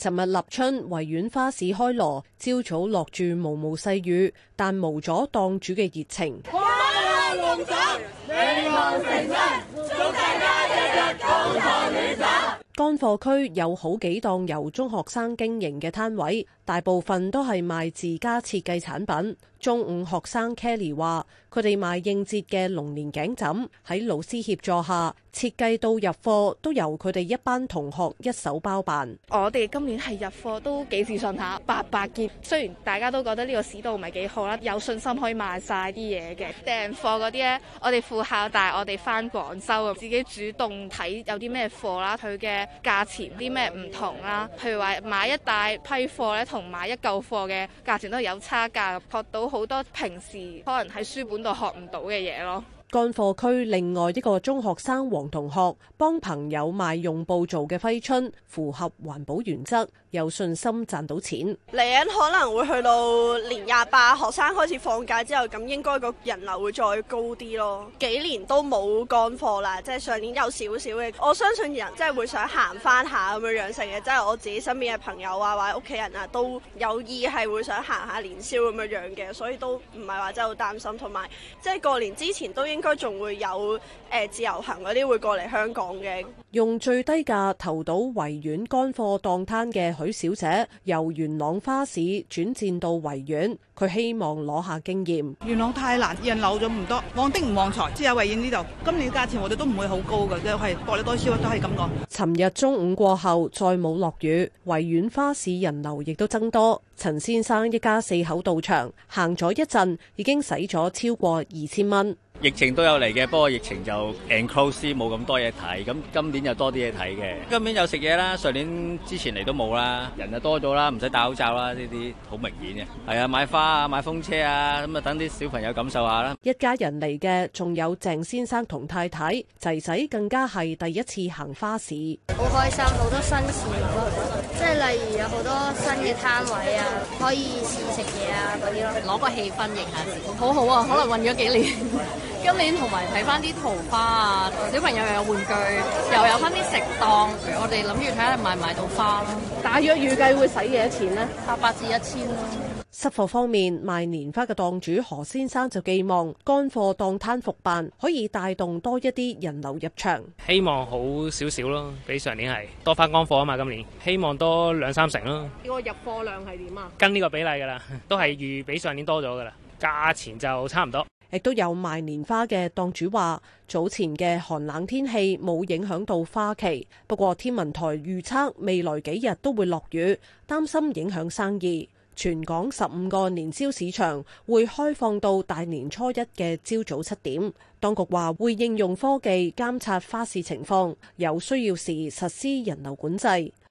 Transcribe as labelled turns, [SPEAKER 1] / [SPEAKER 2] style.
[SPEAKER 1] 尋日立春，維園花市開鑼，朝早落住毛毛細雨，但無阻檔主嘅熱情。乾貨區有好幾檔由中學生經營嘅攤位。大部分都係賣自家設計產品。中學生 Kelly 話：佢哋賣應節嘅龍年頸枕，喺老師協助下設計到入貨，都由佢哋一班同學一手包辦。我哋今年係入貨都幾自信下，八百件。雖然大家都覺得呢個市道唔係幾好啦，有信心可以賣晒啲嘢嘅。訂貨嗰啲咧，我哋副校帶我哋返廣州，自己主動睇有啲咩貨啦，佢嘅價錢啲咩唔同啦。譬如話買一大批貨咧，同同買一嚿貨嘅價錢都有差價，學到好多平時可能喺書本度學唔到嘅嘢咯。乾貨區另外一個中學生黃同學幫朋友賣用布做嘅揮春，符合環保原則，有信心賺到錢。
[SPEAKER 2] 嚟緊可能會去到年廿八，學生開始放假之後，咁應該個人流會再高啲咯。幾年都冇乾貨啦，即係上年有少少嘅，我相信人即係會想行翻下咁樣樣成嘅，即係我自己身邊嘅朋友啊，或者屋企人啊都有意係會想行下年宵咁樣樣嘅，所以都唔係話真係好擔心，同埋即係過年之前都應。應該仲會有誒自由行嗰啲會過嚟香港嘅。
[SPEAKER 1] 用最低價投到維園乾貨檔攤嘅許小姐，由元朗花市轉戰到維園，佢希望攞下經驗。元朗太難，人流咗唔多，旺丁唔旺財，只有維園呢度。今年嘅價錢我哋都唔會好高嘅，就係薄利多銷，都係咁講。尋日中午過後，再冇落雨，維園花市人流亦都增多。陳先生一家四口到場，行咗一陣，已經使咗超過二千蚊。疫情都有嚟嘅，不過疫情就 enclosed 冇咁多嘢睇，咁今年就多啲嘢睇嘅。今年有食嘢啦，上年之前嚟都冇啦，人就多咗啦，唔使戴口罩啦，呢啲好明顯嘅。係啊，買花啊，買風車啊，咁啊等啲小朋友感受下啦。一家人嚟嘅，仲有鄭先生同太太仔仔，更加係第一次行花市。
[SPEAKER 2] 好開心，好多新事物，即係例如有好多新嘅攤位啊，可以試食嘢啊嗰啲咯。攞個氣氛營下。好好啊，可能混咗幾年。今年同埋睇翻啲桃花啊，小
[SPEAKER 1] 朋友又有玩具，又有翻啲食檔。我哋諗住睇下買唔買到花咯。大約預計會使幾多錢呢？八百至一千咯。濕貨方面，賣年花嘅檔主何先生就寄望乾貨檔攤復辦，可以帶動多一啲人流入場。希望好少少咯，比上年係多翻乾貨啊嘛。今年希望多兩
[SPEAKER 2] 三成咯。呢
[SPEAKER 1] 個入貨量係點啊？
[SPEAKER 2] 跟呢個比例噶啦都係預比上年多咗噶啦價錢就差唔多。
[SPEAKER 1] 亦都有賣年花嘅檔主話：早前嘅寒冷天氣冇影響到花期，不過天文台預測未來幾日都會落雨，擔心影響生意。全港十五個年宵市場會開放到大年初一嘅朝早七點。當局話會應用科技監察花市情況，有需要時實施人流管制。